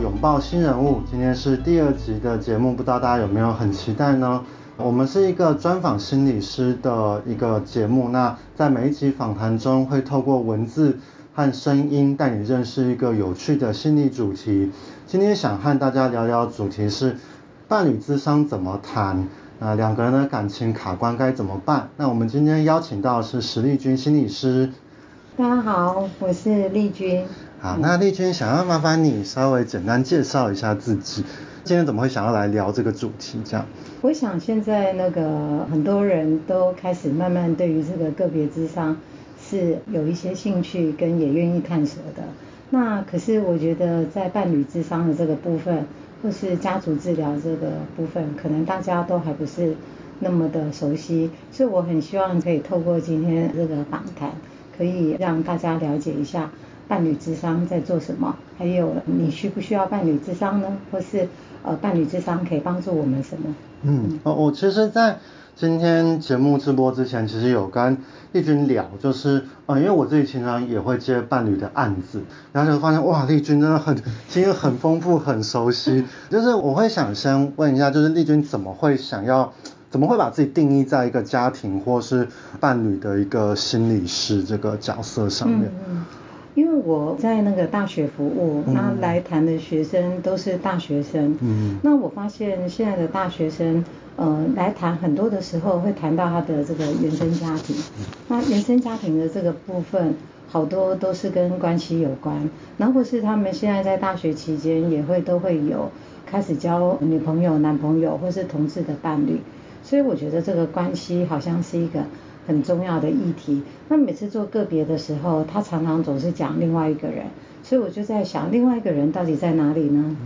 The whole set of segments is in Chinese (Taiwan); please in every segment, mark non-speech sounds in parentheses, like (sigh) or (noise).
擁抱心人物，今天是第二集的節目，不知道大家有沒有很期待呢？我們是一個專訪心理師的一個節目，那在每一集訪談中，會透過文字和聲音帶你認識一個有趣的心理主題。今天想和大家聊聊主題是伴侶諮商怎麼談？啊，兩個人的感情卡關該怎麼辦？那我們今天邀請到的是石麗君心理師。大家好，我是麗君。好，那麗君想要麻煩你稍微簡單介紹一下自己，今天怎麼會想要來聊這個主題？這樣，我想現在那個很多人都開始慢慢對於這個個別諮商是有一些興趣跟也願意探索的。那可是我覺得在伴侶諮商的這個部分，或是家族治療這個部分，可能大家都還不是那麼的熟悉，所以我很希望可以透過今天這個訪談，可以讓大家了解一下。伴侶諮商在做什麼？還有你需不需要伴侶諮商呢？或是呃，伴侶諮商可以幫助我們什麼？嗯，我其實，在今天節目直播之前，其實有跟麗君聊，就是嗯、呃，因為我自己平常也會接伴侶的案子，然後就發現哇，麗君真的很經驗很豐富，很熟悉。 (laughs) 就是我會想先問一下，就是麗君怎麼會想要，怎麼會把自己定義在一個家庭或是伴侶的一個心理師這個角色上面？嗯嗯因為我在那個大學服務，他、嗯啊、來談的學生都是大學生。嗯，那我發現現在的大學生，呃，來談很多的時候會談到他的這個原生家庭。那原生家庭的這個部分，好多都是跟關係有關。然後是他們現在在大學期間，也會都會有開始交女朋友、男朋友，或是同志的伴侶。所以我覺得這個關係好像是一個很重要的議題。那每次做個別的時候，他常常總是講另外一個人，所以我就在想，另外一個人到底在哪裡呢？Mm hmm.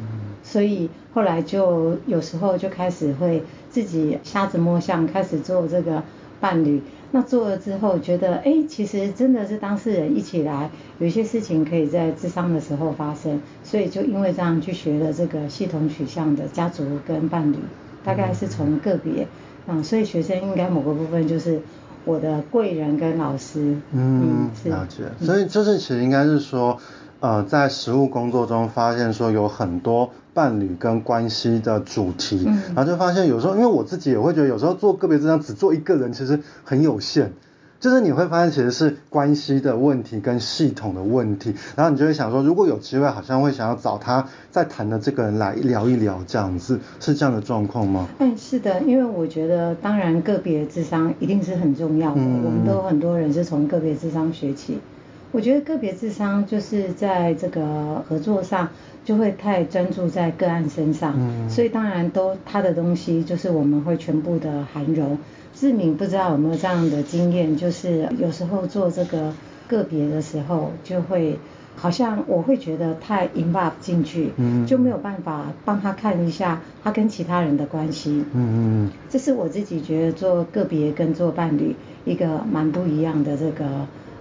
所以後來就有時候就開始會自己瞎子摸象，開始做這個伴侶。那做了之後，覺得哎、欸，其實真的是當事人一起來，有些事情可以在諮商的時候發生。所以就因為這樣去學了這個系統取向的家族跟伴侶，大概是從個別，mm hmm. 嗯，所以學生應該某個部分就是我的貴人跟老師，嗯，嗯，了解。所以就是其實應該是說，呃，在實務工作中發現說有很多伴侶跟關係的主題，嗯，然後就發現有時候，因為我自己也會覺得有時候做個別治療只做一個人其實很有限。就是你會發現其實是關係的問題跟系統的問題，然後你就會想說，如果有機會，好像會想要找他在談的這個人來一聊一聊，這樣子是這樣的狀況嗎？嗯，是的，因為我覺得當然個別諮商一定是很重要的，嗯、我們都很多人是從個別諮商學起。我覺得個別諮商就是在這個合作上就會太專注在個案身上，嗯、所以當然都他的東西就是我們會全部的涵容。志明，不知道有沒有這樣的經驗，就是有時候做這個個別的時候，就會好像我會覺得太 involve 進去，嗯、就沒有辦法幫他看一下他跟其他人的關係，嗯。嗯嗯嗯，這是我自己覺得做個別跟做伴侶一個蠻不一樣的這個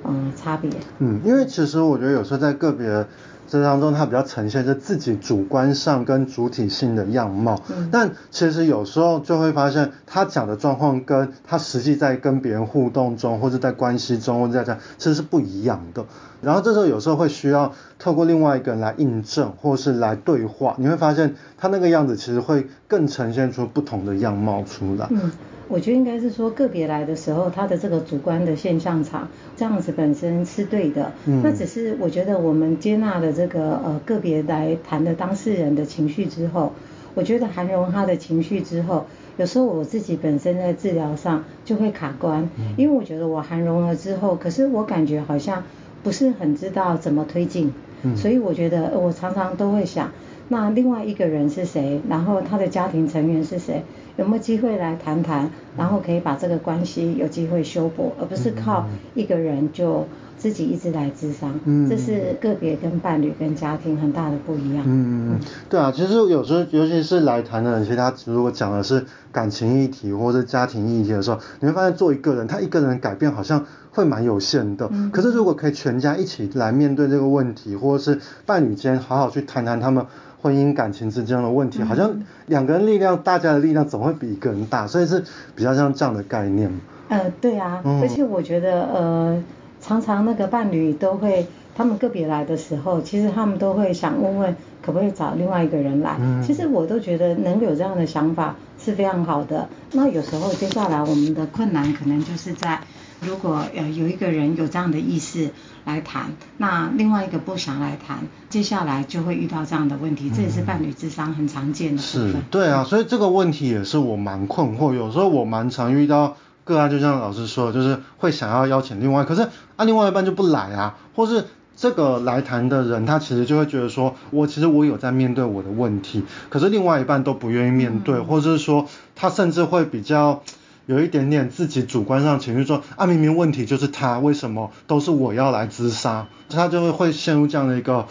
嗯差別。嗯，因為其實我覺得有時候在個別。這當中，他比較呈現着自己主觀上跟主體性的樣貌，嗯、但其實有時候就會發現，他講的狀況跟他實際在跟別人互動中，或者在關係中，或者在這樣，其實是不一樣的。然後這時候有時候會需要透過另外一個人來印證，或是來對話，你會發現他那個樣子其實會更呈現出不同的樣貌出來。嗯我覺得應該是說，個別來的時候，他的這個主觀的現象場這樣子本身是對的。嗯。那只是我覺得我們接納了這個呃個別來談的當事人的情緒之後，我覺得涵容他的情緒之後，有時候我自己本身在治療上就會卡關，嗯。因為我覺得我涵容了之後，可是我感覺好像不是很知道怎麼推進。嗯。所以我覺得我常常都會想。那另外一個人是誰？然後他的家庭成員是誰？有沒有機會來談談？然後可以把這個關係有機會修補，而不是靠一個人就自己一直來諮商。嗯，這是個別跟伴侶跟家庭很大的不一樣。嗯嗯嗯，對啊，其實有時候，尤其是來談的人，其實他如果講的是感情議題或者家庭議題的時候，你會發現做一個人，他一個人改變好像會蠻有限的。嗯、可是如果可以全家一起來面對這個問題，或者是伴侶間好好去談談他們。婚姻感情之間的問題，好像兩個人力量，大家的力量總會比一個人大，所以是比較像這樣的概念。呃，對啊，嗯，而且我覺得，呃，常常那個伴侶都會，他們個別來的時候，其實他們都會想問問，可不可以找另外一個人來。嗯。其實我都覺得能有這樣的想法是非常好的。那有時候接下來我們的困難可能就是在。如果呃，有一個人有這樣的意思來談，那另外一個不想來談，接下來就會遇到這樣的問題，這也是伴侶諮商很常見的。嗯。是，對啊，所以這個問題也是我蠻困惑，有時候我蠻常遇到個案，就像老師說的，就是會想要邀請另外，可是啊，另外一半就不來啊，或是這個來談的人，他其實就會覺得說，我其實我有在面對我的問題，可是另外一半都不願意面對，嗯、或者是說他甚至會比較有一點點自己主觀上情緒說，說啊，明明問題就是他，為什麼都是我要來自殺？他就會會陷入這樣的一個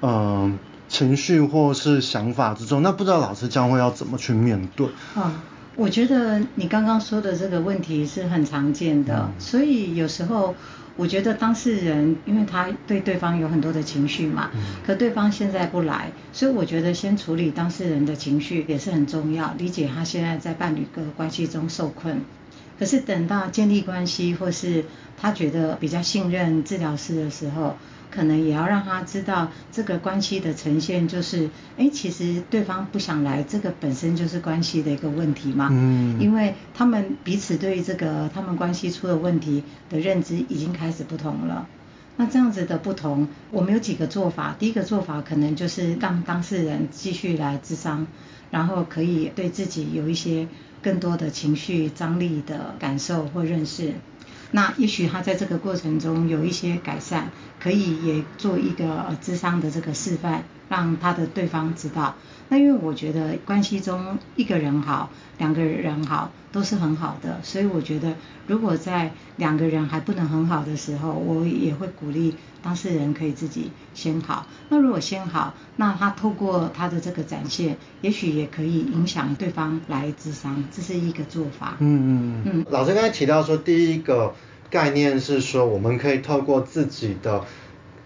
嗯、呃、情緒或是想法之中。那不知道老師將會要怎麼去面對？啊，我覺得你剛剛說的這個問題是很常見的，嗯、所以有時候。我覺得當事人，因為他對對方有很多的情緒嘛，嗯、可對方現在不來，所以我覺得先處理當事人的情緒也是很重要，理解他現在在伴侶的關係中受困。可是等到建立關係或是他覺得比較信任治療師的時候。可能也要讓他知道，這個關係的呈現就是，哎、欸，其實對方不想來，這個本身就是關係的一個問題嘛。嗯，嗯。因為他們彼此對於這個他們關係出的問題的認知已經開始不同了。那這樣子的不同，我們有幾個做法。第一個做法可能就是讓當事人繼續來諮商，然後可以對自己有一些更多的情緒張力的感受或認識。那也許他在這個過程中有一些改善，可以也做一個呃諮商的這個示範，讓他的對方知道。那因為我覺得關係中一個人好，兩個人好都是很好的，所以我覺得如果在兩個人還不能很好的時候，我也會鼓勵當事人可以自己先好。那如果先好，那他透過他的這個展現，也許也可以影響對方來諮商，這是一個做法。嗯嗯嗯。嗯嗯，老師剛才提到說，第一個概念是說，我們可以透過自己的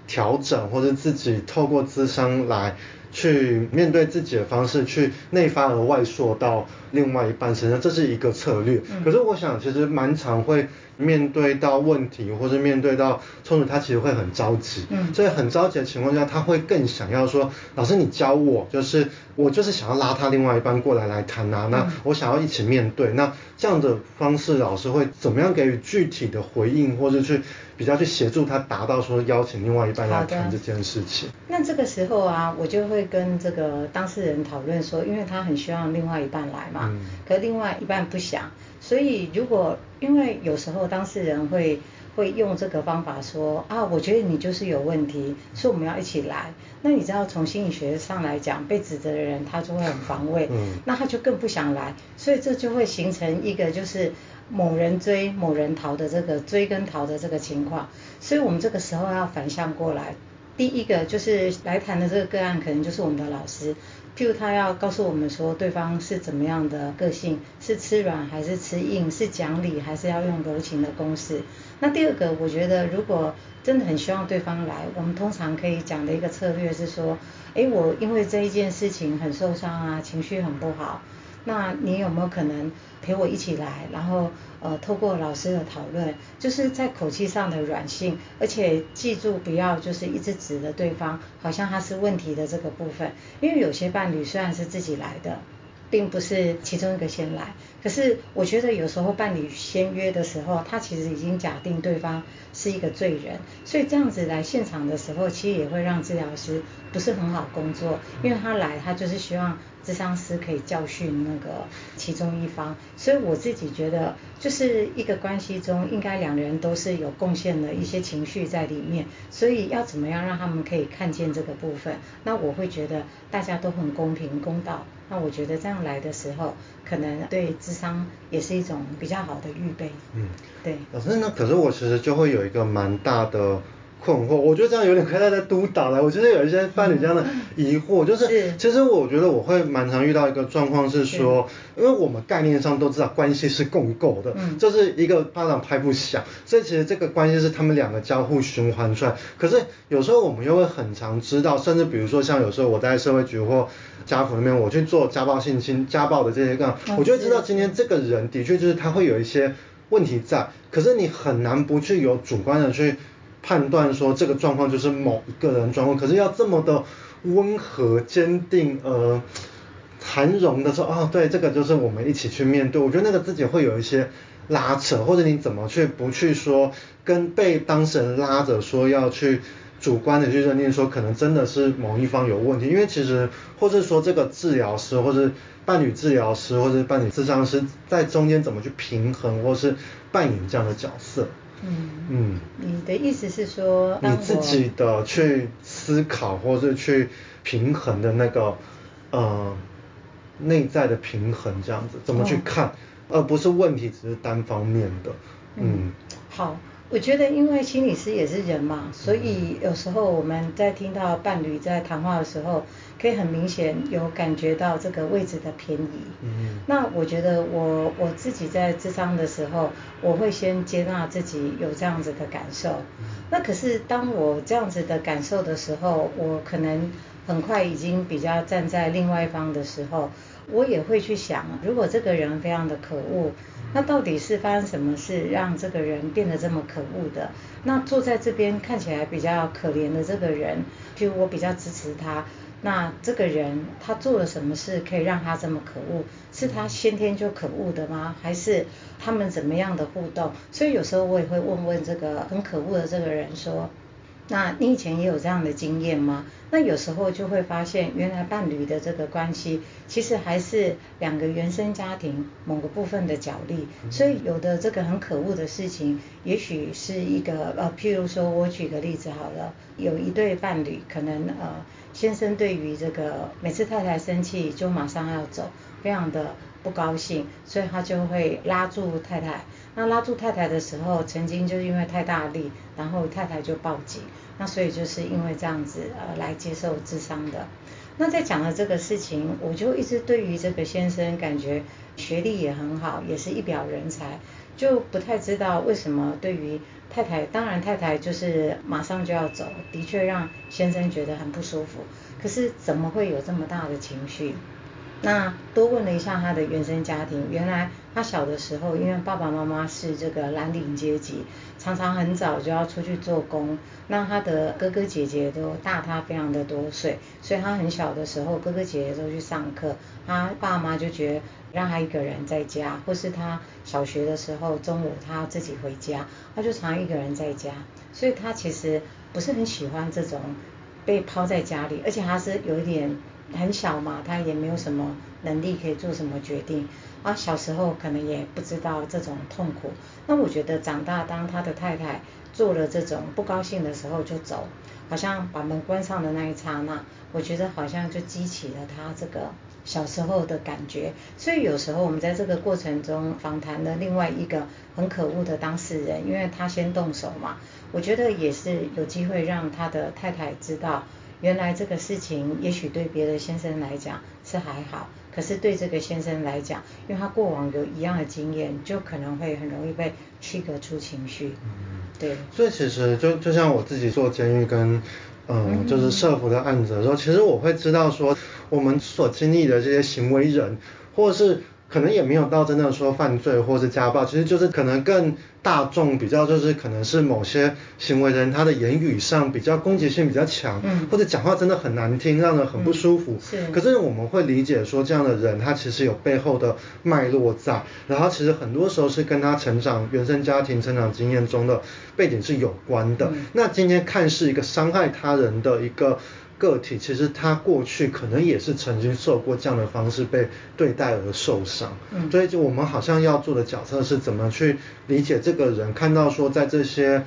調整，或者自己透過諮商來。去面對自己的方式，去內發而外說到另外一半身上，這是一個策略。嗯、可是我想，其實蠻常會面對到問題，或是面對到衝突，他其實會很着急。嗯。所以很着急的情況下，他會更想要說：“老師，你教我，就是我就是想要拉他另外一半過來來談啊，那我想要一起面對。嗯”那這樣的方式，老師會怎麼樣給予具體的回應，或是去比較去協助他達到說邀請另外一半來談這件事情？那這個時候啊，我就會。會跟這個當事人討論說，因為他很希望另外一半來嘛，嗯、可另外一半不想。所以如果因為有時候當事人會會用這個方法說啊，我覺得你就是有問題，所以我們要一起來。那你知道從心理學上來講，被指責的人他就會很防衛，嗯、那他就更不想來。所以這就會形成一個就是某人追某人逃的這個追跟逃的這個情況。所以我們這個時候要反向過來。第一個就是來談的這個個案，可能就是我們的老師，譬如，他要告訴我們說對方是怎麼樣的個性，是吃軟還是吃硬，是講理還是要用柔情的攻勢。那第二個，我覺得如果真的很希望對方來，我們通常可以講的一個策略是說，哎，我因為這一件事情很受傷啊，情緒很不好。那你有沒有可能陪我一起來？然後呃，透過老師的討論，就是在口氣上的軟性，而且記住不要就是一直指着對方，好像他是問題的這個部分。因為有些伴侶雖然是自己來的，並不是其中一個先來。可是我覺得有時候伴侶先約的時候，他其實已經假定對方是一個罪人，所以這樣子來現場的時候，其實也會讓治療師不是很好工作，因為他來他就是希望。諮商師可以教訓那個其中一方，所以我自己覺得，就是一個關係中應該兩人都是有貢獻的一些情緒在裡面，所以要怎麼樣讓他們可以看見這個部分，那我會覺得大家都很公平公道，那我覺得這樣來的時候，可能對諮商也是一種比較好的預備。嗯，對。可是那可是我其實就會有一個蠻大的。困惑，我覺得這樣有點開始在督導了，我覺得有一些伴侶這樣的疑惑，嗯、就是，是其實我覺得我會蠻常遇到一個狀況是說，對因為我們概念上都知道關係是共構的，嗯、就是一個巴掌拍不響，所以其實這個關係是他們兩個交互循環出來，可是有時候我們又會很常知道，甚至比如說像有時候我在社會局或家扶裡面，我去做家暴性侵、家暴的這些案，嗯、我就會知道今天這個人的確就是他會有一些問題在，可是你很難不去有主觀的去。判斷說這個狀況就是某一個人狀況，可是要這麼的溫和、堅定、呃含容的說，啊、哦、對，這個就是我們一起去面對。我覺得那個自己會有一些拉扯，或者你怎麼去不去說跟被當事人拉着說要去主觀的去認定說，可能真的是某一方有問題。因為其實或者說這個治療師，或者伴侶治療師，或者伴侶諮商師，在中間怎麼去平衡，或是扮演這樣的角色。嗯，嗯，你的意思是說，你自己的去思考或是去平衡的那個呃內在的平衡這樣子，怎麼去看，哦，而不是問題只是單方面的，嗯。嗯好，我覺得因為心理師也是人嘛，所以有時候我們在聽到伴侶在談話的時候。可以很明顯有感覺到這個位置的偏移。嗯，嗯。那我覺得我我自己在智商的時候，我會先接納自己有這樣子的感受。嗯。那可是當我這樣子的感受的時候，我可能很快已經比較站在另外一方的時候，我也會去想，如果這個人非常的可惡，那到底是發生什麼事讓這個人變得這麼可惡的？那坐在這邊看起來比較可憐的這個人，就我比較支持他。那這個人他做了什麼事可以讓他這麼可惡？是他先天就可惡的嗎？還是他們怎麼樣的互動？所以有時候我也會問問這個很可惡的這個人說。那你以前也有這樣的經驗嗎？那有時候就會發現，原來伴侶的這個關係，其實還是兩個原生家庭某個部分的角力。所以有的這個很可惡的事情，也許是一個呃，譬如說我舉個例子好了，有一對伴侶，可能呃，先生對於這個每次太太生氣就馬上要走，非常的不高興，所以他就會拉住太太。那拉住太太的時候，曾經就是因為太大力，然後太太就報警。那所以就是因為這樣子，呃，來接受諮商的。那在講的這個事情，我就一直對於這個先生感覺學歷也很好，也是一表人才，就不太知道為什麼對於太太，當然太太就是馬上就要走，的確讓先生覺得很不舒服。可是怎麼會有這麼大的情緒？那多問了一下他的原生家庭，原來他小的時候，因為爸爸媽媽是這個藍領階級，常常很早就要出去做工，那他的哥哥姐姐都大他非常的多歲，所以他很小的時候，哥哥姐姐都去上課，他爸媽就覺得讓他一個人在家，或是他小學的時候中午他自己回家，他就常一個人在家，所以他其實不是很喜歡這種被拋在家裡，而且他是有一點。很小嘛，他也沒有什麼能力可以做什麼決定，啊，小時候可能也不知道這種痛苦。那我覺得長大，當他的太太做了這種不高興的時候就走，好像把門關上的那一剎那，我覺得好像就激起了他這個小時候的感覺。所以有時候我們在這個過程中訪談了另外一個很可惡的當事人，因為他先動手嘛，我覺得也是有機會讓他的太太知道。原來這個事情，也許對別的先生來講是還好，嗯、可是對這個先生來講，因為他過往有一樣的經驗，就可能會很容易被區隔出情緒。嗯，對。所以其實就就像我自己做監獄跟嗯、呃、就是社服的案子的時候，嗯、其實我會知道說我們所經歷的這些行為人，或者是。可能也沒有到真的說犯罪或是家暴，其實就是可能更大眾比較就是可能是某些行為人，他的言語上比較攻擊性比較強，嗯、或者講話真的很難聽，讓人很不舒服。嗯、是。可是我們會理解說這樣的人，他其實有背後的脈絡在，然後其實很多時候是跟他成長原生家庭成長經驗中的背景是有關的。嗯、那今天看似一個傷害他人的一個個體其實他過去可能也是曾經受過這樣的方式被對待而受傷，嗯，所以就我們好像要做的角色是怎麼去理解這個人，看到說在這些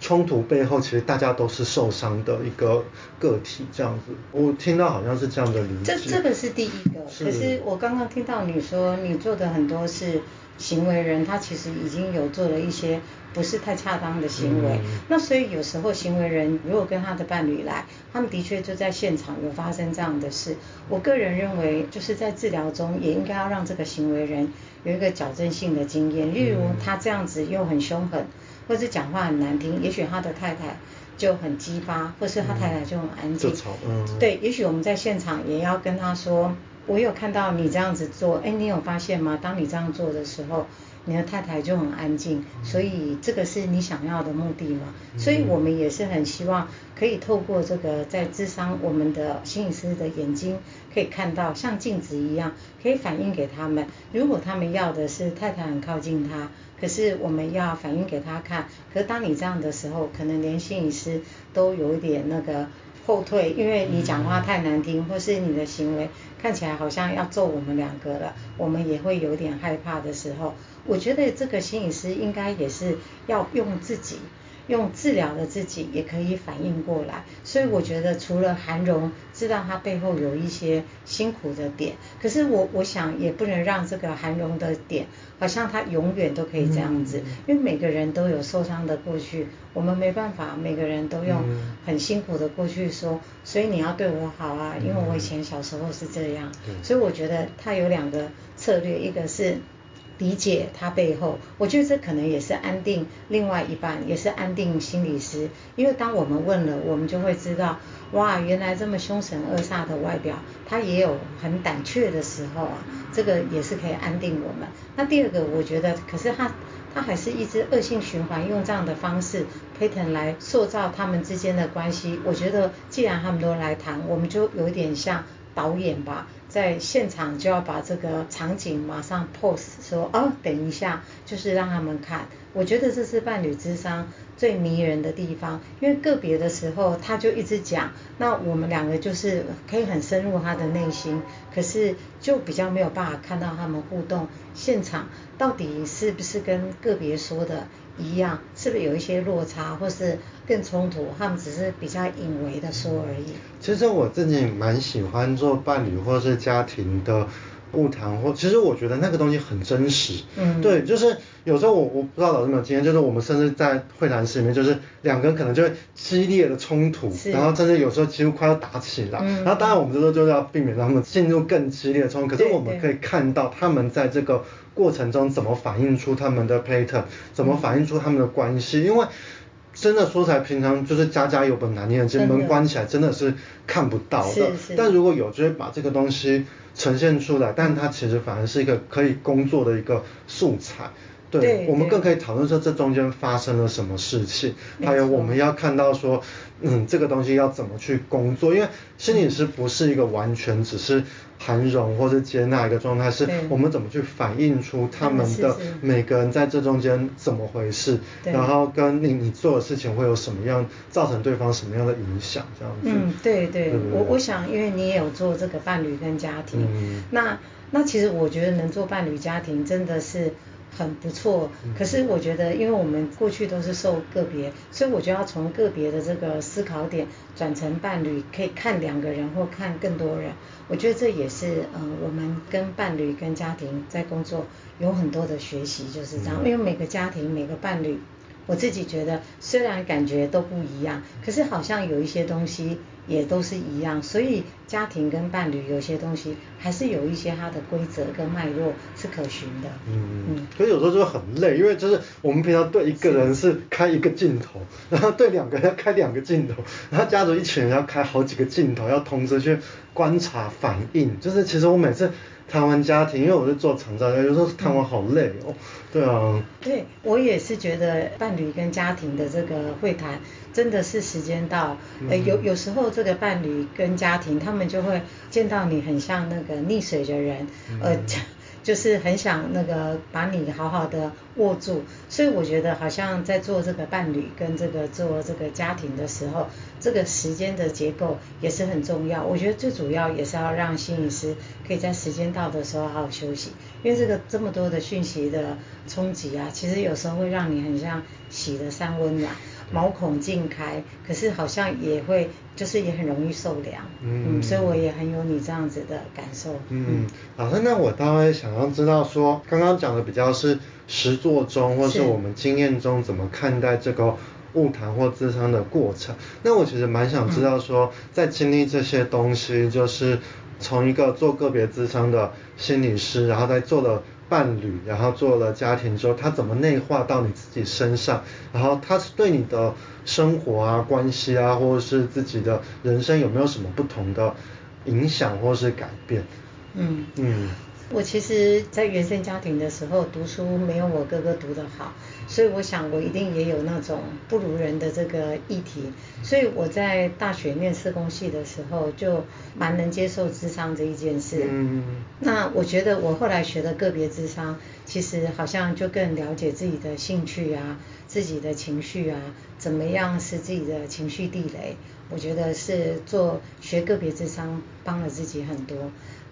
衝突背後，其實大家都是受傷的一個個體這樣子。我聽到好像是這樣的理解這。這這個是第一個，可是我剛剛聽到你說你做的很多事。行為人他其實已經有做了一些不是太恰當的行為，嗯、那所以有時候行為人如果跟他的伴侶來，他們的確就在現場有發生這樣的事。我個人認為，就是在治療中也應該要讓這個行為人有一個矯正性的經驗，嗯、例如他這樣子又很凶狠，或是講話很難聽，也許他的太太就很激發，或是他太太就很安靜。嗯、就吵，嗯，對，也許我們在現場也要跟他說。我有看到你這樣子做，哎、欸，你有發現嗎？當你這樣做的時候，你的太太就很安靜，所以這個是你想要的目的嗎？所以我們也是很希望可以透過這個，在諮商我們的心理師的眼睛可以看到，像鏡子一樣，可以反映給他們。如果他們要的是太太很靠近他，可是我們要反映給他看，可是當你這樣的時候，可能連心理師都有點那個。後退，因為你講話太難聽，嗯、或是你的行為看起來好像要揍我們兩個了，我們也會有點害怕的時候。我覺得這個心理師應該也是要用自己。用治療的自己，也可以反應過來，所以我覺得除了韓榮知道他背後有一些辛苦的點，可是我我想也不能讓這個韓榮的點好像他永遠都可以這樣子，因為每個人都有受傷的過去，我們沒辦法每個人都用很辛苦的過去說，所以你要對我好啊，因為我以前小時候是這樣，所以我覺得他有兩個策略，一個是。理解他背後，我覺得這可能也是安定另外一半，也是安定心理師。因為當我們問了，我們就會知道，哇，原來這麼兇神惡煞的外表，他也有很膽怯的時候啊。這個也是可以安定我們。那第二個，我覺得可是他，他還是一直惡性循環，用這樣的方式 pattern 來塑造他們之間的關係。我覺得既然他們都來談，我們就有點像導演吧。在現場就要把這個場景馬上 pose 說哦，等一下，就是讓他們看。我覺得這是伴侶諮商最迷人的地方，因為個別的時候他就一直講，那我們兩個就是可以很深入他的內心，可是就比較沒有辦法看到他們互動現場到底是不是跟個別說的。一樣，是不是有一些落差，或是更衝突？他們只是比較隱晦的說而已。其實我自己蠻喜歡做伴侶，或是家庭的。不談，或其實我覺得那個東西很真實。嗯，對，就是有時候我我不知道老師有沒有經驗，就是我們甚至在會談室裡面，就是兩個人可能就會激烈的衝突，是然後甚至有時候幾乎快要打起來。嗯是，然後當然我們這個就是要避免讓他們進入更激烈的衝突，嗯、可是我們可以看到他們在這個過程中怎麼反映出他們的 p a t e r 怎麼反映出他們的關係，因為。真的說起來，平常就是家家有本難念的經，其實門關起來真的是看不到的。是是是，但如果有，就會把這個東西呈現出來，但它其實反而是一個可以工作的一個素材。對，對對對，我們更可以討論說這中間發生了什麼事情，錯還有我們要看到說，嗯，這個東西要怎麼去工作，因為心理是不是一個完全只是盤容或者接納一個狀態？是我們怎麼去反映出他們的每個人在這中間怎麼回事，錯然後跟你你做的事情會有什麼樣造成對方什麼樣的影響這樣子？嗯，對對，對，對對對我我想因為你也有做這個伴侶跟家庭，嗯、那那其實我覺得能做伴侶家庭真的是。很不錯，可是我覺得，因為我們過去都是受個別，所以我就要從個別的這個思考點轉成伴侶，可以看兩個人或看更多人。我覺得這也是，嗯、呃，我們跟伴侶、跟家庭在工作有很多的學習，就是這樣。因為每個家庭、每個伴侶，我自己覺得雖然感覺都不一樣，可是好像有一些東西。也都是一樣，所以家庭跟伴侶有些東西還是有一些它的規則跟脈絡是可循的。嗯嗯，嗯，可是有時候就很累，因為就是我們平常對一個人是開一個鏡頭，的然後對兩個人要開兩個鏡頭，然後家族一群人要開好幾個鏡頭，要同時去觀察反應，就是其實我每次。談完家庭，因為我是做長照，有時候談完好累哦，嗯、對啊。對，我也是覺得伴侶跟家庭的這個會談，真的是時間到，嗯呃、有有時候這個伴侶跟家庭，他們就會見到你很像那個溺水的人，嗯、呃。嗯就是很想那個把你好好的握住，所以我覺得好像在做這個伴侶跟這個做這個家庭的時候，這個時間的結構也是很重要。我覺得最主要也是要讓心理師可以在時間到的時候好好休息，因為這個這麼多的訊息的衝擊啊，其實有時候會讓你很像洗了三溫暖。毛孔盡開，可是好像也會，就是也很容易受涼。嗯,嗯，所以我也很有你這樣子的感受。嗯，老師，那我當然想要知道說，剛剛講的比較是實作中，或是我們經驗中怎麼看待這個晤談或諮商的過程。是那我其實蠻想知道說，嗯、在經歷這些東西，就是從一個做個別諮商的心理師，然後在做的。伴侶，然後做了家庭之後，他怎麼內化到你自己身上？然後他是對你的生活啊、關係啊，或者是自己的人生有沒有什麼不同的影響或是改變？嗯嗯。嗯我其實，在原生家庭的時候讀書沒有我哥哥讀得好，所以我想我一定也有那種不如人的這個議題。所以我在大學念社工系的時候就蠻能接受諮商這一件事。嗯，嗯，嗯。那我覺得我後來學的個別諮商，其實好像就更了解自己的興趣啊、自己的情緒啊，怎麼樣是自己的情緒地雷。我覺得是做學個別諮商幫了自己很多。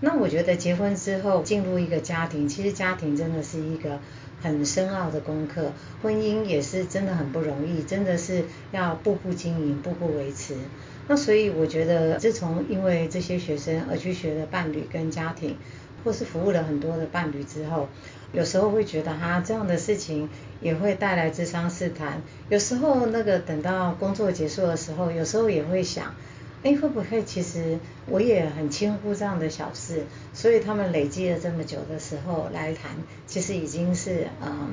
那我覺得結婚之後進入一個家庭，其實家庭真的是一個很深奧的功課，婚姻也是真的很不容易，真的是要步步經營、步步維持。那所以我覺得，自從因為這些學生而去學了伴侶跟家庭，或是服務了很多的伴侶之後，有時候會覺得哈、啊、這樣的事情也會帶來諮商試探。有時候那個等到工作結束的時候，有時候也會想。哎，會不會？其實我也很輕忽這樣的小事，所以他們累積了這麼久的時候來談，其實已經是嗯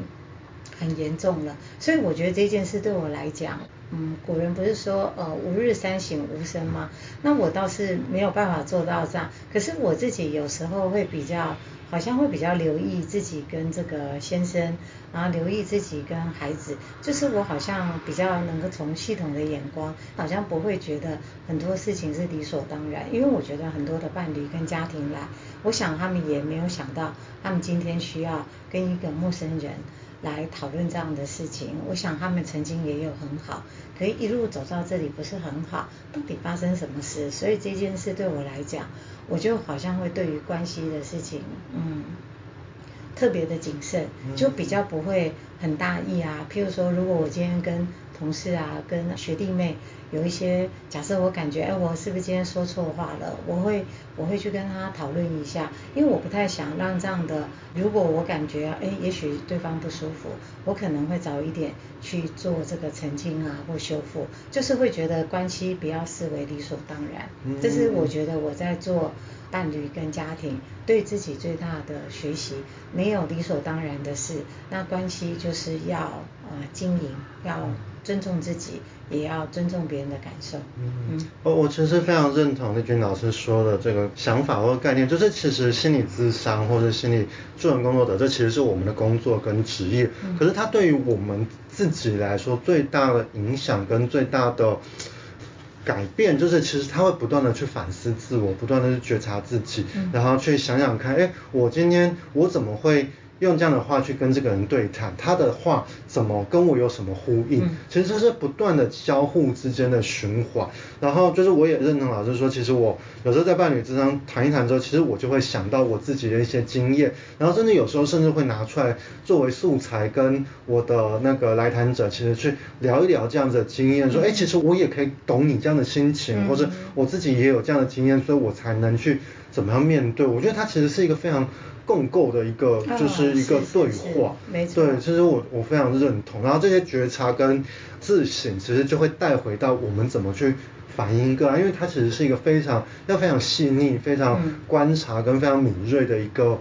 很嚴重了。所以我覺得這件事對我來講，嗯，古人不是說呃“吾日三省吾身”嗎？那我倒是沒有辦法做到這樣。可是我自己有時候會比較。好像會比較留意自己跟這個先生，然後留意自己跟孩子，就是我好像比較能夠從系統的眼光，好像不會覺得很多事情是理所當然，因為我覺得很多的伴侶跟家庭來，我想他們也沒有想到，他們今天需要跟一個陌生人。來討論這樣的事情，我想他們曾經也有很好，可以一路走到這裡不是很好，到底發生什麼事？所以這件事對我來講，我就好像會對於關係的事情，嗯，特別的謹慎，就比較不會很大意啊。譬如說，如果我今天跟。同事啊，跟學弟妹有一些假設，我感覺哎、欸，我是不是今天說錯話了？我會我會去跟他討論一下，因為我不太想讓這樣的。如果我感覺哎、欸，也許對方不舒服，我可能會早一點去做這個澄清，啊或修復。就是會覺得關係不要視為理所當然，這是我覺得我在做伴侶跟家庭對自己最大的學習，沒有理所當然的事。那關係就是要啊、呃，經營要尊重自己，也要尊重別人的感受。嗯，我我其實非常認同麗君老師說的這個想法或概念，就是其實心理諮商或者心理助人工作者，這其實是我們的工作跟職業。嗯、可是他對於我們自己來說，最大的影響跟最大的改變，就是其實他會不斷的去反思自我，不斷的去覺察自己，嗯、然後去想想看，哎、欸，我今天我怎麼會？用這樣的話去跟這個人對談，他的話怎麼跟我有什麼呼應？嗯、其實這是不斷的交互之間的循環。然後就是我也認同老師說，其實我有時候在伴侶諮商談一談之後，其實我就會想到我自己的一些經驗，然後甚至有時候甚至會拿出來作為素材，跟我的那個來談者其實去聊一聊這樣子的經驗，嗯、說哎、欸，其實我也可以懂你這樣的心情，嗯、或者我自己也有這樣的經驗，所以我才能去怎麼樣面對。我覺得他其實是一個非常。共構的一個，就是一個對話，哦、沒錯，對，其實我我非常認同。然後這些覺察跟自省，其實就會帶回到我們怎麼去反映個、啊、因為它其實是一個非常要非常細膩、非常觀察跟非常敏銳的一個、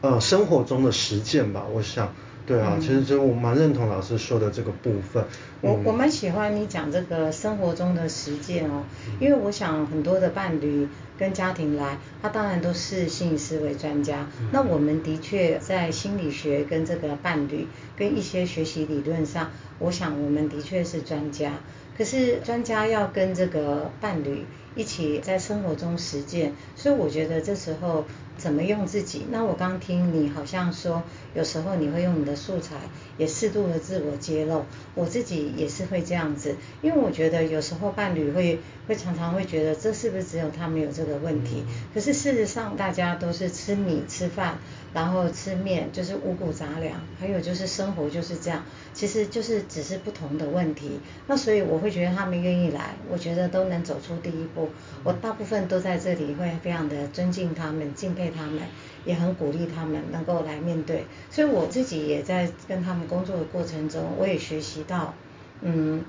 嗯、呃生活中的實踐吧，我想。對啊，其實就我蠻認同老師說的這個部分。嗯、我我蠻喜歡你講這個生活中的實踐哦，因為我想很多的伴侶跟家庭來，他當然都是性思維專家。那我們的確在心理學跟這個伴侶跟一些學習理論上，我想我們的確是專家。可是專家要跟這個伴侶一起在生活中實踐，所以我覺得這時候怎麼用自己？那我剛聽你好像說。有時候你會用你的素材，也適度的自我揭露。我自己也是會這樣子，因為我覺得有時候伴侶會會常常會覺得這是不是只有他們有這個問題？可是事實上大家都是吃米吃飯，然後吃麵就是五谷雜糧，還有就是生活就是這樣，其實就是只是不同的問題。那所以我會覺得他們願意來，我覺得都能走出第一步。我大部分都在這裡會非常的尊敬他們，敬佩他們。也很鼓勵他們能夠來面對，所以我自己也在跟他們工作的過程中，我也學習到，嗯，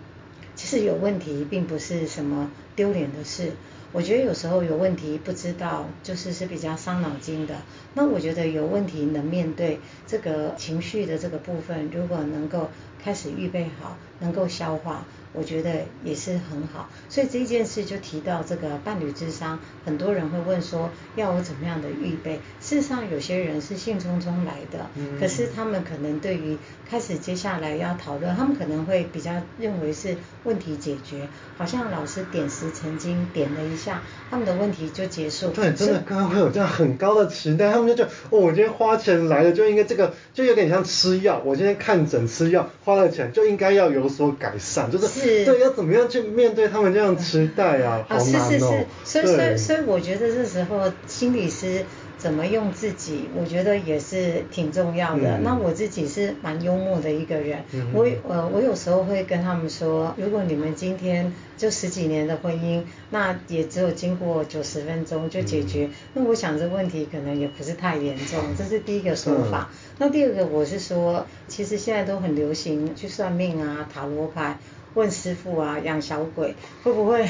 其實有問題並不是什麼丟臉的事。我覺得有時候有問題不知道，就是是比較傷腦筋的。那我覺得有問題能面對這個情緒的這個部分，如果能夠開始預備好，能夠消化。我覺得也是很好，所以這件事就提到這個伴侶諮商。很多人會問說，要我怎麼樣的預備？事實上，有些人是興沖沖來的，嗯、可是他們可能對於開始接下來要討論，他們可能會比較認為是問題解決，好像老師點石成金點了一下，他們的問題就結束。對，真的以剛剛會有這樣很高的期待，他們就覺得哦，我今天花錢來了，就應該這個就有點像吃藥，我今天看診吃藥花了錢，就應該要有所改善，就是。是對，要怎麼樣去面對他們這樣期待啊？好難、哦、啊，是是是，所以所以對所以我覺得這時候心理師怎麼用自己，我覺得也是挺重要的。嗯、那我自己是蠻幽默的一個人，嗯、我呃我有時候會跟他們說，如果你們今天就十幾年的婚姻，那也只有經過九十分鐘就解決，嗯、那我想這問題可能也不是太嚴重。嗯、這是第一個說法。嗯、那第二個我是說，其實現在都很流行去算命啊，塔羅牌。問師傅啊，養小鬼會不會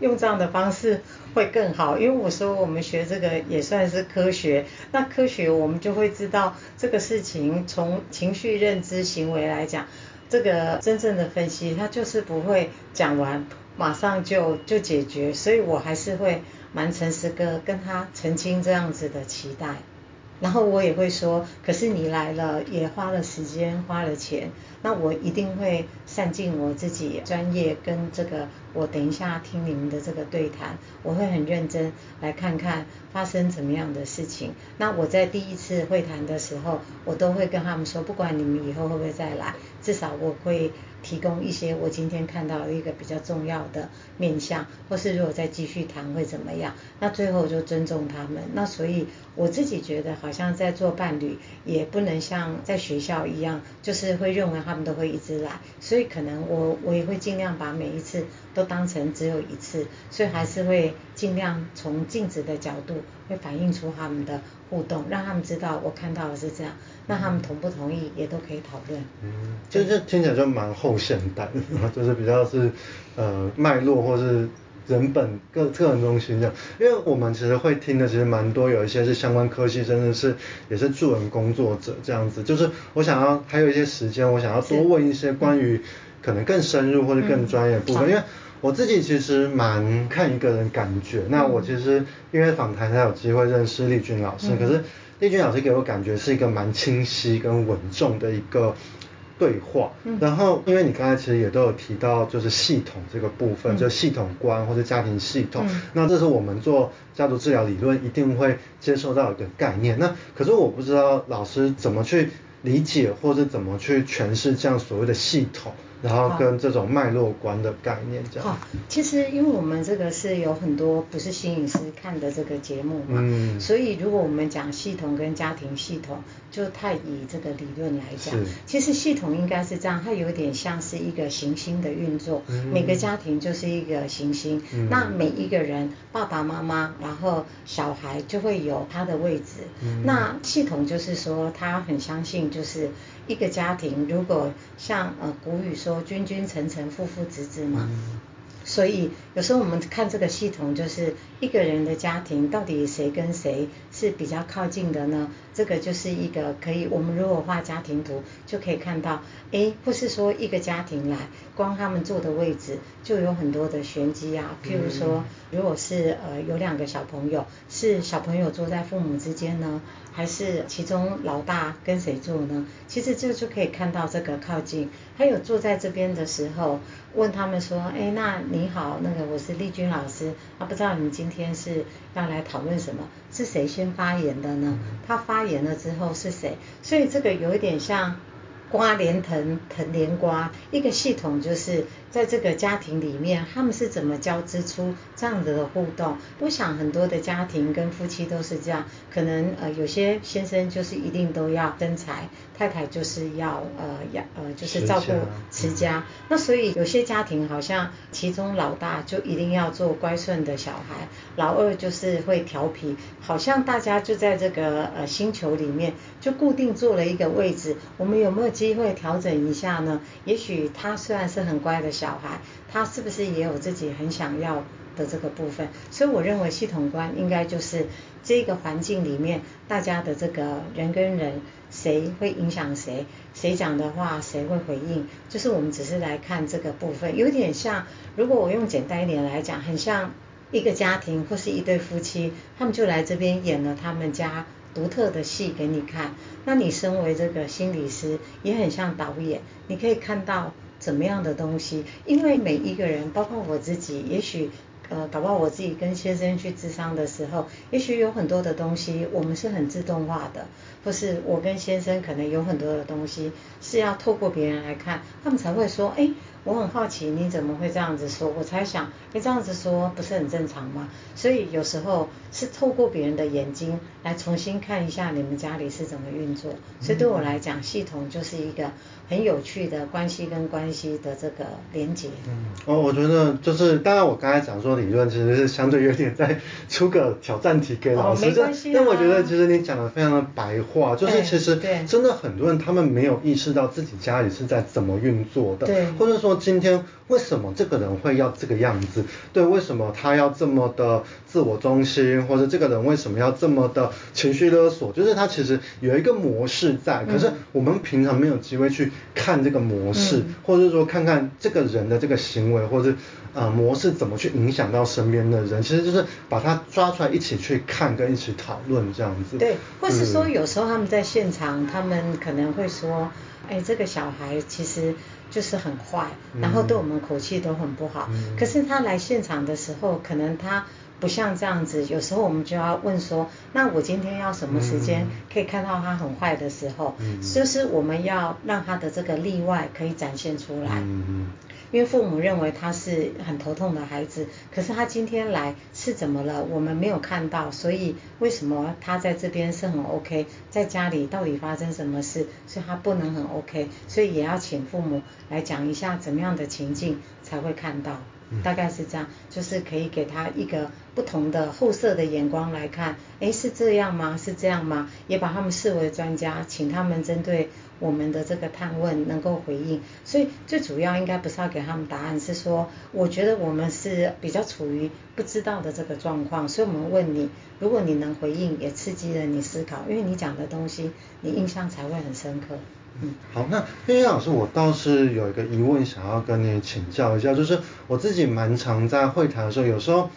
用這樣的方式會更好？因為我說我們學這個也算是科學，那科學我們就會知道這個事情從情緒認知行為來講，這個真正的分析，他就是不會講完馬上就就解決，所以我還是會蠻誠實的跟他澄清這樣子的期待。然後我也會說，可是你來了，也花了時間，花了錢，那我一定會善盡我自己專業跟這個，我等一下聽你們的這個對談，我會很認真來看看發生怎麼樣的事情。那我在第一次會談的時候，我都會跟他們說，不管你們以後會不會再來，至少我會。提供一些我今天看到的一個比較重要的面向，或是如果再繼續談會怎麼樣？那最後就尊重他們。那所以我自己覺得好像在做伴侶，也不能像在學校一樣，就是會認為他們都會一直來。所以可能我我也會盡量把每一次都當成只有一次，所以還是會盡量從鏡子的角度會反映出他們的。互動，讓他們知道我看到的是這樣，那他們同不同意也都可以討論。嗯，就是聽起來就蠻後現代，對就是比較是呃脈絡或是人本個個人中心這樣。因為我們其實會聽的其實蠻多，有一些是相關科系，真的是也是助人工作者這樣子。就是我想要還有一些時間，我想要多問一些關於可能更深入或者更專業的部分，嗯、因為。我自己其實蠻看一個人感覺，那我其實因為訪談才有機會認識麗君老師，嗯、可是麗君老師給我感覺是一個蠻清晰跟穩重的一個對話。嗯、然後因為你剛才其實也都有提到，就是系統這個部分，嗯、就系統觀或者家庭系統，嗯、那這是我們做家族治療理論一定會接受到的一個概念。那可是我不知道老師怎麼去理解或者是怎麼去詮釋這樣所謂的系統。然後跟這種脈絡觀的概念這樣。好、哦，其實因為我們這個是有很多不是心理師看的這個節目嘛，嗯、所以如果我們講系統跟家庭系統，就太以這個理論來講，是其實系統應該是這樣，它有點像是一個行星的運作，嗯、每個家庭就是一個行星，嗯、那每一個人爸爸媽媽，然後小孩就會有他的位置，嗯、那系統就是說他很相信就是。一個家庭如果像呃古語說“君君臣臣父父子子”嘛，所以有時候我們看這個系統，就是一個人的家庭到底誰跟誰是比較靠近的呢？這個就是一個可以，我們如果畫家庭圖，就可以看到，哎，或是說一個家庭來，光他們坐的位置就有很多的玄機啊。譬如說，如果是呃有兩個小朋友，是小朋友坐在父母之間呢，還是其中老大跟誰坐呢？其實就就可以看到這個靠近。還有坐在這邊的時候，問他們說，哎，那你好，那個我是麗君老師，啊，不知道你們今天是要來討論什麼？是誰先發言的呢？他發。嚴了之後是誰？所以這個有一點像瓜連藤，藤連瓜，一個系統就是。在這個家庭裡面，他們是怎麼交織出這樣的互動？我想很多的家庭跟夫妻都是這樣，可能呃有些先生就是一定都要生財，太太就是要呃要呃就是照顧持家。持家嗯、那所以有些家庭好像其中老大就一定要做乖順的小孩，老二就是會調皮，好像大家就在這個呃星球裡面就固定做了一個位置。我們有沒有機會調整一下呢？也許他雖然是很乖的小孩。小孩他是不是也有自己很想要的這個部分？所以我認為系統觀應該就是這個環境裡面大家的這個人跟人誰會影響誰，誰講的話誰會回應，就是我們只是來看這個部分，有點像如果我用簡單一點來講，很像一個家庭或是一對夫妻，他們就來這邊演了他們家獨特的戲給你看。那你身為這個心理師，也很像導演，你可以看到。什麼樣的東西？因為每一個人，包括我自己，也許呃，搞不好我自己跟先生去諮商的時候，也許有很多的東西我們是很自動化的，或是我跟先生可能有很多的東西是要透過別人來看，他們才會說，哎、欸。我很好奇你怎麼會這樣子說，我猜想你這樣子說不是很正常嗎？所以有時候是透過別人的眼睛來重新看一下你們家裡是怎麼運作。所以對我來講，系統就是一個很有趣的關係跟關係的這個連結。嗯，哦，我覺得就是當然我剛才講說理論其實是相對有點在出個挑戰題給老師，哦，沒關係啊，但我覺得其實你講的非常的白話，就是其實對真的很多人他們沒有意識到自己家裡是在怎麼運作的，對，或者說。今天為什麼這個人會要這個樣子？對，為什麼他要這麼的自我中心，或者這個人為什麼要這麼的情緒勒索？就是他其實有一個模式在，可是我們平常沒有機會去看這個模式，嗯嗯嗯，或者是說看看這個人的這個行為，或者呃模式怎麼去影響到身邊的人。其實就是把它抓出來一起去看跟一起討論這樣子。對，或是說有時候他們在現場，他們可能會說：“哎、欸，這個小孩其實。”就是很壞，然後對我們口氣都很不好。嗯、哼可是他來現場的時候，可能他。不像這樣子，有時候我們就要問說，那我今天要什麼時間可以看到他很壞的時候？就、mm hmm. 是，是我們要讓他的這個例外可以展現出來。嗯嗯、mm。Hmm. 因為父母認為他是很頭痛的孩子，可是他今天來是怎麼了？我們沒有看到，所以為什麼他在這邊是很 OK，在家裡到底發生什麼事？所以他不能很 OK。所以也要請父母來講一下，怎麼樣的情境才會看到。大概是這樣，就是可以給他一個不同的後設的眼光來看，哎、欸，是這樣嗎？是這樣嗎？也把他們視為專家，請他們針對我們的這個探問能夠回應。所以最主要應該不是要給他們答案，是說，我覺得我們是比較處於不知道的這個狀況，所以我們問你，如果你能回應，也刺激了你思考，因為你講的東西，你印象才會很深刻。嗯，好，那葉葉老師，我倒是有一個疑問想要跟你請教一下，就是我自己蠻常在會談的時候，有時候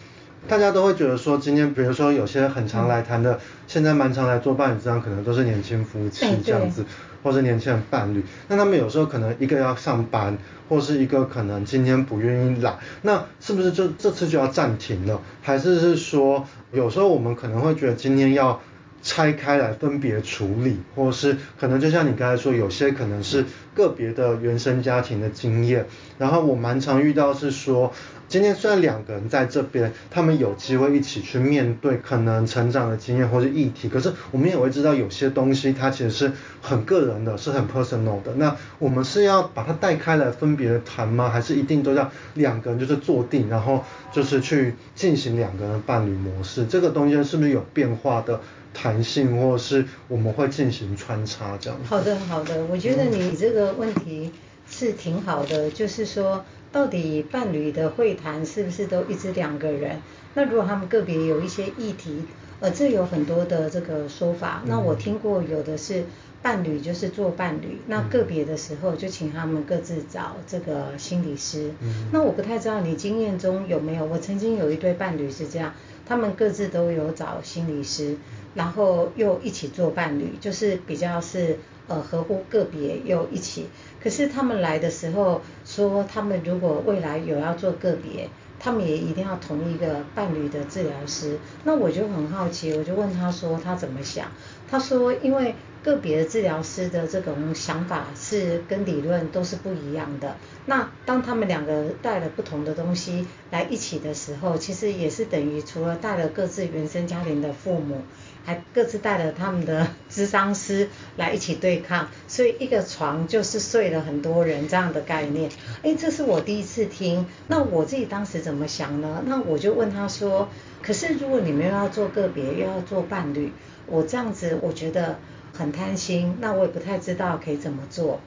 大家都會覺得說，今天比如說有些很常來談的，嗯、現在蠻常來做伴侶這樣可能都是年輕夫妻這樣子，或是年輕人伴侶，那他們有時候可能一個要上班，或是一個可能今天不願意來，那是不是就這次就要暫停了？還是是說，有時候我們可能會覺得今天要。拆開來分別處理，或是可能就像你剛才說，有些可能是個別的原生家庭的經驗。然後我蠻常遇到是說。今天雖然兩個人在這邊，他們有機會一起去面對可能成長的經驗或是議題，可是我們也會知道有些東西它其實是很個人的，是很 personal 的。那我們是要把它帶開來分別談嗎？還是一定都要兩個人就是坐定，然後就是去進行兩個人的伴侶模式？這個中間是不是有變化的彈性，或者是我們會進行穿插這樣？好的，好的。我覺得你這個問題是挺好的，嗯、就是說。到底伴侶的會談是不是都一直兩個人？那如果他們個別有一些議題，呃，這有很多的這個說法。那我聽過有的是伴侶就是做伴侶，那個別的時候就請他們各自找這個心理師。那我不太知道你經驗中有沒有？我曾經有一對伴侶是這樣，他們各自都有找心理師，然後又一起做伴侶，就是比較是。呃，合乎個別又一起，可是他們來的時候說，他們如果未來有要做個別，他們也一定要同一個伴侶的治療師。那我就很好奇，我就問他說他怎麼想。他說，因為個別的治療師的這種想法是跟理論都是不一樣的。那當他們兩個帶了不同的東西來一起的時候，其實也是等於除了帶了各自原生家庭的父母。還各自帶着他們的諮商師來一起對抗，所以一個床就是睡了很多人這樣的概念。誒，這是我第一次聽。那我自己當時怎麼想呢？那我就問他說：“可是如果你們又要做個別，又要做伴侶，我這樣子我覺得很貪心，那我也不太知道可以怎麼做。”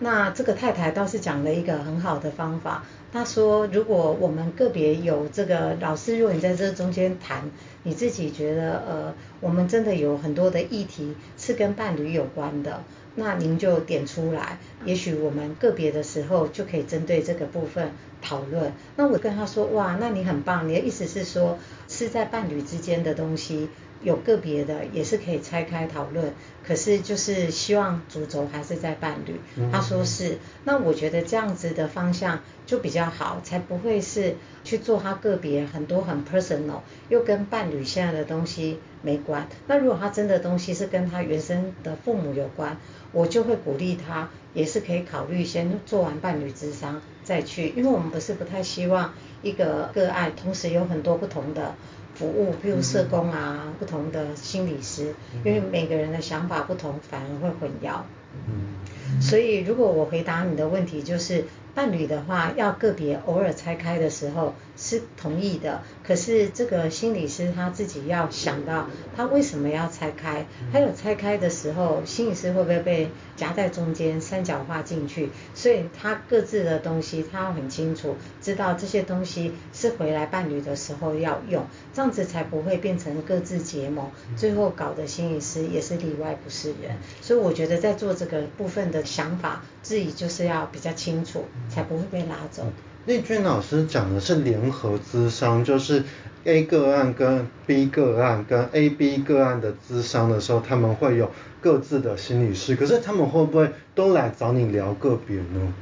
那這個太太倒是講了一個很好的方法。他說：“如果我們個別有這個老師，如果你在這中間談，你自己覺得呃，我們真的有很多的議題是跟伴侶有關的，那您就點出來，也許我們個別的時候就可以針對這個部分討論。”那我跟他說：“哇，那你很棒，你的意思是說是在伴侶之間的東西。”有個別的也是可以拆開討論，可是就是希望主軸還是在伴侶。嗯嗯嗯。他說是，那我覺得這樣子的方向就比較好，才不會是去做他個別很多很 personal 又跟伴侶現在的東西沒關。那如果他真的東西是跟他原生的父母有關，我就會鼓勵他也是可以考慮先做完伴侶諮商再去，因為我們不是不太希望一個個案同時有很多不同的，服務，比如社工啊，不同的心理師，因為每個人的想法不同，反而會混淆。嗯，所以如果我回答你的問題，就是伴侶的話，要個別偶爾拆開的時候，是同意的，可是這個心理師他自己要想到，他為什麼要拆開？還有拆開的時候，心理師會不會被夾在中間三角化進去？所以他各自的東西他要很清楚，知道這些東西是回來伴侶的時候要用，這樣子才不會變成各自結盟，最後搞得心理師也是裡外不是人。所以我覺得在做這個部分的想法，自己就是要比較清楚，才不會被拿走。麗君老師講的是聯合諮商，就是 A 個案跟 B 個案跟 A、B 個案的諮商的時候，他們會有各自的心理師，可是他們會不會都來找你聊個別呢？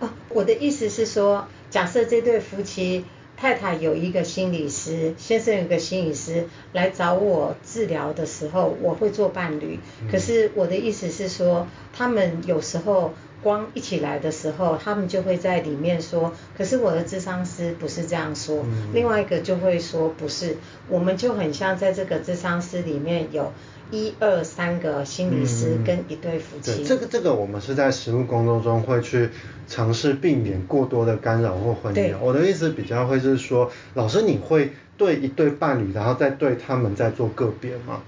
哦、啊，我的意思是說，假設這對夫妻太太有一個心理師，先生有一個心理師來找我治療的時候，我會做伴侶。可是我的意思是說，他們有時候。光一起來的時候，他們就會在裡面說。可是我的諮商師不是這樣說。嗯。另外一個就會說不是。我們就很像在這個諮商室裡面有一二三個心理師、嗯、跟一對夫妻。這個這個，這個、我們是在實務工作中會去嘗試避免過多的干擾或混淆。對我的意思比較會是說，老師你會對一對伴侶，然後再對他們再做個別嗎？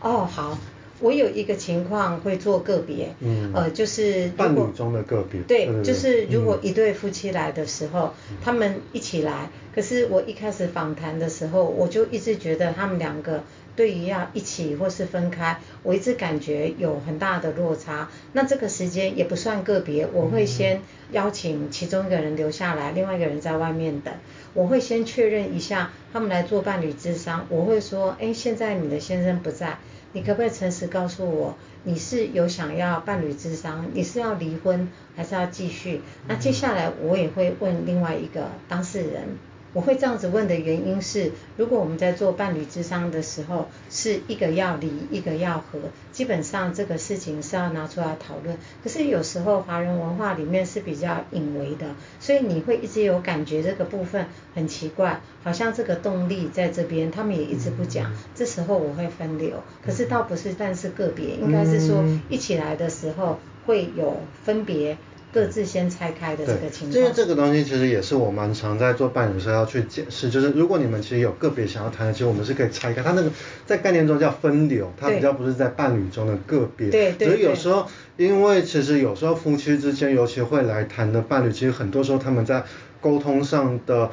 哦，好。我有一個情況會做個別，嗯，呃，就是伴侶中的個別，對，對，對，對，就是如果一對夫妻來的時候，嗯、他們一起來，可是我一開始訪談的時候，嗯、我就一直覺得他們兩個對於要一起或是分開，我一直感覺有很大的落差。那這個時間也不算個別，我會先邀請其中一個人留下來，嗯、另外一個人在外面等。我會先確認一下他們來做伴侶諮商，我會說，誒，現在你的先生不在。你可不可以誠實告訴我，你是有想要伴侶諮商，你是要離婚還是要繼續？那接下來我也會問另外一個當事人。我會這樣子問的原因是，如果我們在做伴侶諮商的時候，是一個要離，一個要合，基本上這個事情，是要拿出來討論。可是有時候華人文化裡面是比較隱微的，所以你會一直有感覺這個部分很奇怪，好像這個動力在這邊，他們也一直不講。這時候我會分流，可是倒不是，但是個別，應該是說一起來的時候會有分別。各自先拆開的這個情況，就是這個東西其實也是我蠻常在做伴侶的時候要去解釋，就是如果你們其實有個別想要談的，其實我們是可以拆開。它那個在概念中叫分流，它比較不是在伴侶中的個別，對，所以有時候對對對，因為其實有時候夫妻之間尤其會來談的伴侶，其實很多時候他們在溝通上的。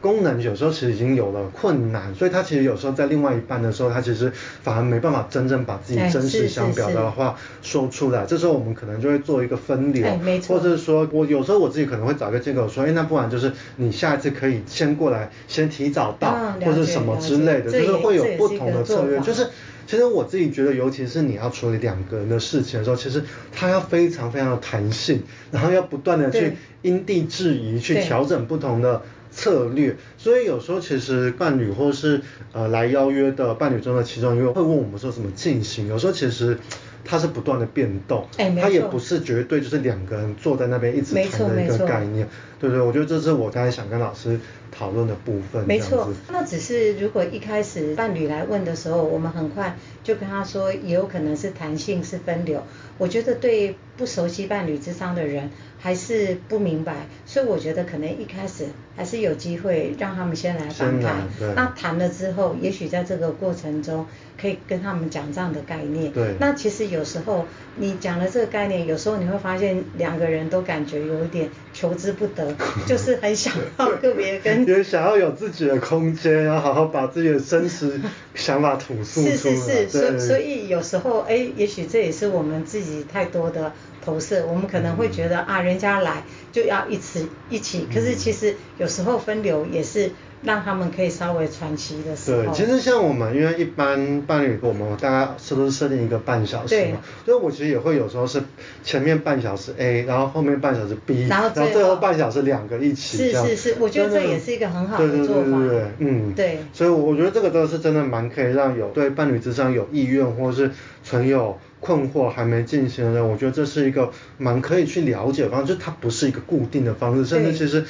功能有時候其實已經有了困難，所以他其實有時候在另外一半的時候，他其實反而沒辦法真正把自己真實想表達的話說出來。哎、這時候我們可能就會做一個分流，嗯、沒錯，或者說我有時候我自己可能會找一個借口說、欸，那不然就是你下一次可以先過來，先提早到，嗯、或者什麼之類的，就是會有不同的策略。是就是其實我自己覺得，尤其是你要處理兩個人的事情的時候，其實他要非常非常的彈性，然後要不斷的去因地制宜，對去調整不同的。策略，所以有時候其實伴侶或是呃來邀約的伴侶中的其中一位會問我們說怎麼進行，有時候其實它是不斷的變動，哎、欸，沒錯，他也不是絕對就是兩個人坐在那邊一直談的一個概念，沒錯，對不對？對，我覺得這是我剛才想跟老師討論的部分。沒錯，那只是如果一開始伴侶來問的時候，我們很快就跟他說，也有可能是彈性是分流。我覺得對不熟悉伴侶諮商的人。還是不明白，所以我覺得可能一開始還是有機會讓他們先來談談。那談了之後，也許在這個過程中可以跟他們講這樣的概念。對。那其實有時候你講了這個概念，有時候你會發現兩個人都感覺有一點求之不得， (laughs) 就是很想要個別跟。 (laughs) 也想要有自己的空間，然後好好把自己的真實想法吐出來。是是是，對所以所以有時候哎、欸，也許這也是我們自己太多的。投射，我們可能會覺得、嗯、啊，人家來就要一起一起，可是其實有時候分流也是讓他們可以稍微喘息的時候。對，其實像我們，因為一般伴侶，我們大家是不是設定一個半小時嘛，對所以我其實也會有時候是前面半小時 A，然後後面半小時 B，然後最後，然後最後半小時兩個一起。是是是，我覺得這也是一個很好的做法。對，對，對，對，對，嗯，對，所以我覺得這個都是真的蠻可以讓有對伴侶之上有意願或者是存有困惑、還沒進行的，我覺得這是一個蠻可以去了解的方式，就它不是一個固定的方式，哎、甚至其實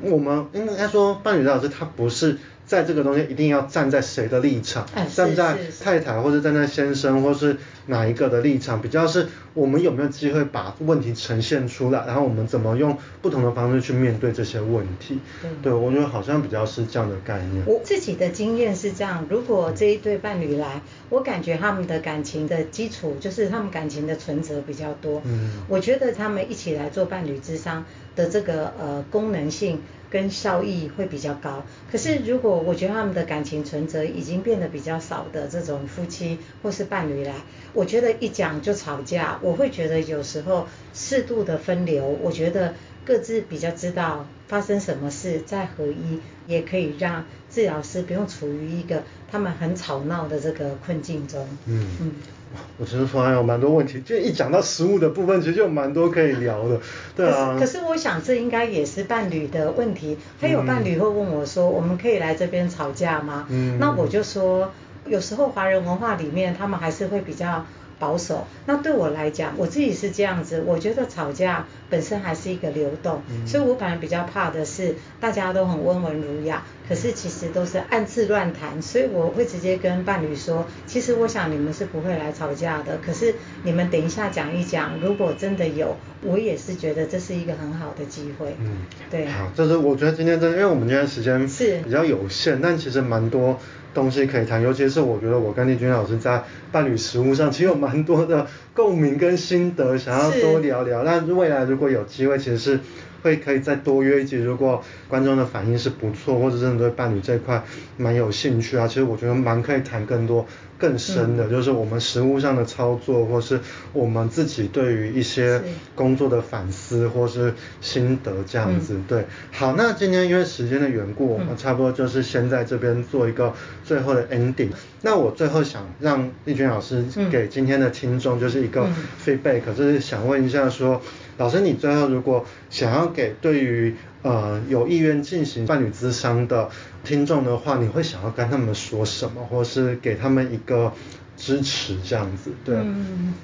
我們應該說伴侶的老師他不是在這個東西一定要站在誰的立場，哎、站在太太，是是是，或者站在先生，嗯、或是。哪一個的立場比較是？我們有沒有機會把問題呈現出來？然後我們怎麼用不同的方式去面對這些問題？嗯，對，我覺得好像比較是這樣的概念。我自己的經驗是這樣：如果這一對伴侶來，我感覺他們的感情的基礎就是他們感情的存折比較多。嗯，我覺得他們一起來做伴侶諮商的這個呃、功能性跟效益會比較高。可是如果我覺得他們的感情存折已經變得比較少的這種夫妻或是伴侶來。我覺得一講就吵架，我會覺得有時候適度的分流，我覺得各自比較知道發生什麼事再合一，也可以讓治療師不用處於一個他們很吵鬧的這個困境中。嗯嗯，嗯，我覺得說還有蠻多問題，就一講到食物的部分，其實就蠻多可以聊的，是對啊。可是可是我想這應該也是伴侶的問題，還有伴侶會問我說：“嗯、我們可以來這邊吵架嗎？”嗯、那我就說。有時候華人文化裡面，他們還是會比較保守。那對我來講，我自己是這樣子，我覺得吵架本身還是一個流動，嗯，所以我反而比較怕的是大家都很溫文儒雅，可是其實都是暗自亂談，所以我會直接跟伴侶說，其實我想你們是不會來吵架的，可是你們等一下講一講，如果真的有，我也是覺得這是一個很好的機會。嗯，對。好，就是我覺得今天，真的因為我們今天時間是比較有限，是但其實蠻多。東西可以談，尤其是我覺得我跟麗君老師在伴侶實務上，其實有蠻多的共鳴跟心得，想要多聊聊。那是未來如果有機會，其實是。可以，可以再多約一集，如果觀眾的反應是不錯，或者真的對伴侶這塊蠻有興趣啊，其實我覺得蠻可以談更多更深的，嗯、就是我們實務上的操作，或是我們自己對於一些工作的反思是或是心得這樣子。嗯、對，好，那今天因為時間的緣故，嗯、我們差不多就是先在這邊做一個最後的 ending，嗯。那我最後想讓麗君老師給今天的聽眾、嗯、就是一個 feedback，就是想問一下說。老師，你最後如果想要給對於呃有意願進行伴侶諮商的聽眾的話，你會想要跟他們說什麼，或是給他們一個支持這樣子？對啊。嗯，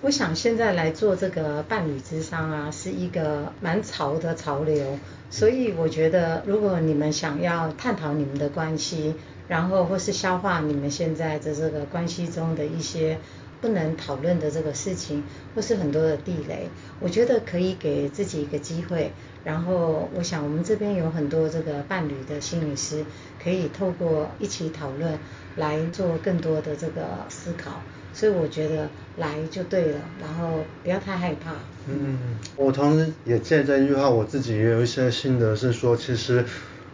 我想現在來做這個伴侶諮商啊，是一個蠻潮的潮流，所以我覺得如果你們想要探討你們的關係，然後或是消化你們現在的這個關係中的一些。不能討論的這個事情，或是很多的地雷，我覺得可以給自己一個機會。然後，我想我們這邊有很多這個伴侶的心理師，可以透過一起討論來做更多的這個思考。所以我覺得來就對了，然後不要太害怕。嗯，嗯我同時也借這句話，我自己也有一些心得是說，其實。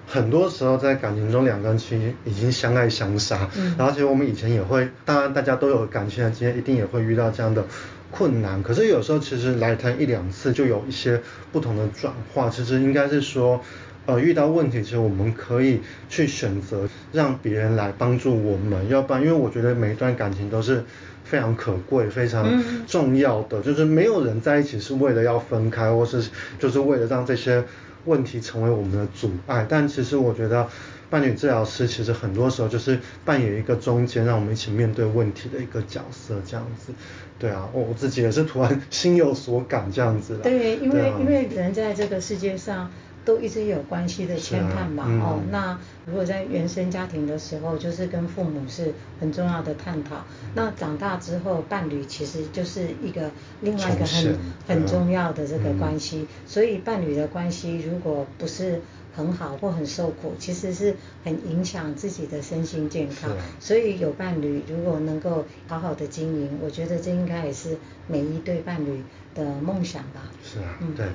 很多時候在感情中，兩個人其實已經相愛相殺，嗯，而且我們以前也會，當然大家都有感情的經驗，一定也會遇到這樣的困難。可是有時候其實來談一兩次，就有一些不同的轉化。其實應該是說，呃，遇到問題，其實我們可以去選擇讓別人來幫助我們，要不然，因為我覺得每一段感情都是非常可貴、非常重要的，嗯、就是沒有人在一起是為了要分開，或是就是為了讓這些。問題成為我們的阻礙，但其實我覺得，伴侶治療師其實很多時候就是扮演一個中間，讓我們一起面對問題的一個角色，這樣子。對啊，我、哦、我自己也是突然心有所感這樣子。對，因為、啊、因為人在這個世界上。都一直有關係的牽絆吧，啊嗯、哦，那如果在原生家庭的時候，就是跟父母是很重要的探討。嗯、那長大之後，伴侶其實就是一個另外一個很重、啊、很重要的這個關係。嗯、所以伴侶的關係如果不是很好或很受苦，其實是很影響自己的身心健康。啊、所以有伴侶如果能夠好好的經營，我覺得這應該也是每一對伴侶的夢想吧。是啊，嗯。對。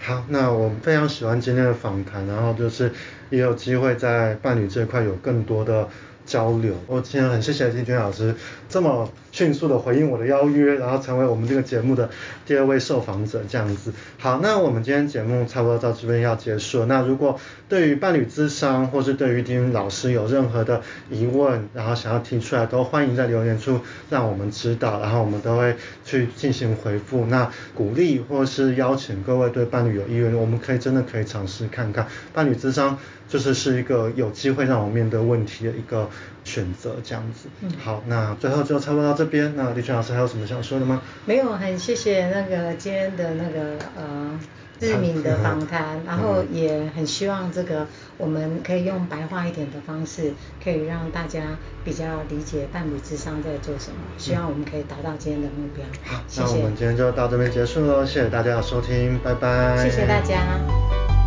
好，那我非常喜歡今天的訪談，然後就是也有機會在伴侶這塊有更多的交流。我今天很謝謝丁丁老師這麼迅速的回應我的邀約，然後成為我們這個節目的第二位受訪者這樣子。好，那我們今天節目差不多到這邊要結束了。那如果對於伴侶諮商，或是對於丁老師有任何的疑問，然後想要提出來，都歡迎在留言處讓我們知道，然後我們都會去進行回復。那鼓勵或是邀請各位對伴侶有意願，我們可以真的可以嘗試看看伴侶諮商。就是是一個有機會讓我面對問題的一個選擇，這樣子。嗯、好，那最後就差不多到這邊。那麗君老師還有什麼想說的嗎？沒有，很謝謝那個今天的那個呃志敏的訪談，嗯、然後也很希望這個我們可以用白話一點的方式，可以讓大家比較理解伴侶諮商在做什麼。嗯、希望我們可以達到今天的目標。好、嗯，謝謝，那我們今天就到這邊結束嘍，謝謝大家的收聽，拜拜。謝謝大家。